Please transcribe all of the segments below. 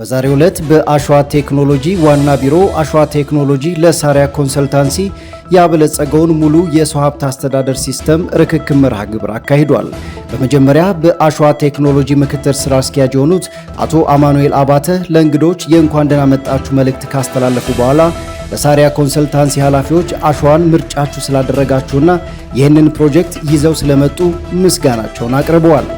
በዛሬው ዕለት በአሸዋ ቴክኖሎጂ ዋና ቢሮ አሸዋ ቴክኖሎጂ ለሳሪያ ኮንሰልታንሲ ያበለጸገውን ሙሉ የሰው ሀብት አስተዳደር ሲስተም ርክክብ መርሃ ግብር አካሂዷል። በመጀመሪያ በአሸዋ ቴክኖሎጂ ምክትል ስራ አስኪያጅ የሆኑት አቶ አማኑኤል አባተ ለእንግዶች የእንኳን ደህና መጣችሁ መልእክት ካስተላለፉ በኋላ ለሳሪያ ኮንሰልታንሲ ኃላፊዎች አሸዋን ምርጫችሁ ስላደረጋችሁና ይህንን ፕሮጀክት ይዘው ስለመጡ ምስጋናቸውን አቅርበዋል።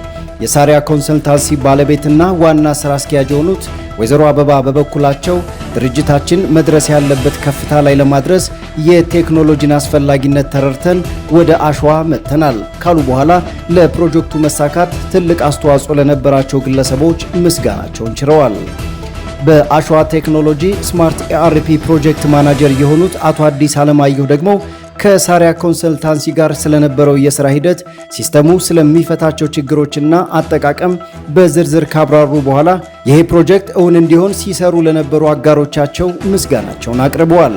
የሳሪያ ኮንሰልታንሲ ባለቤትና ዋና ስራ አስኪያጅ የሆኑት ወይዘሮ አበባ በበኩላቸው ድርጅታችን መድረስ ያለበት ከፍታ ላይ ለማድረስ የቴክኖሎጂን አስፈላጊነት ተረድተን ወደ አሸዋ መጥተናል ካሉ በኋላ ለፕሮጀክቱ መሳካት ትልቅ አስተዋጽኦ ለነበራቸው ግለሰቦች ምስጋናቸውን ችረዋል። በአሸዋ ቴክኖሎጂ ስማርት ኤአርፒ ፕሮጀክት ማናጀር የሆኑት አቶ አዲስ አለማየሁ ደግሞ ከሳሪያ ኮንሰልታንሲ ጋር ስለነበረው የሥራ ሂደት ሲስተሙ ስለሚፈታቸው ችግሮችና አጠቃቀም በዝርዝር ካብራሩ በኋላ ይሄ ፕሮጀክት እውን እንዲሆን ሲሰሩ ለነበሩ አጋሮቻቸው ምስጋናቸውን አቅርበዋል።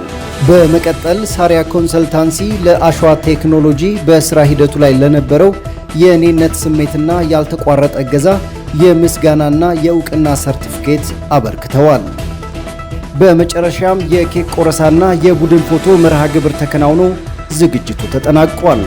በመቀጠል ሳሪያ ኮንሰልታንሲ ለአሸዋ ቴክኖሎጂ በስራ ሂደቱ ላይ ለነበረው የእኔነት ስሜትና ያልተቋረጠ እገዛ የምስጋናና የእውቅና ሰርቲፊኬት አበርክተዋል። በመጨረሻም የኬክ ቆረሳና የቡድን ፎቶ መርሃ ግብር ተከናውኖ ዝግጅቱ ተጠናቋል።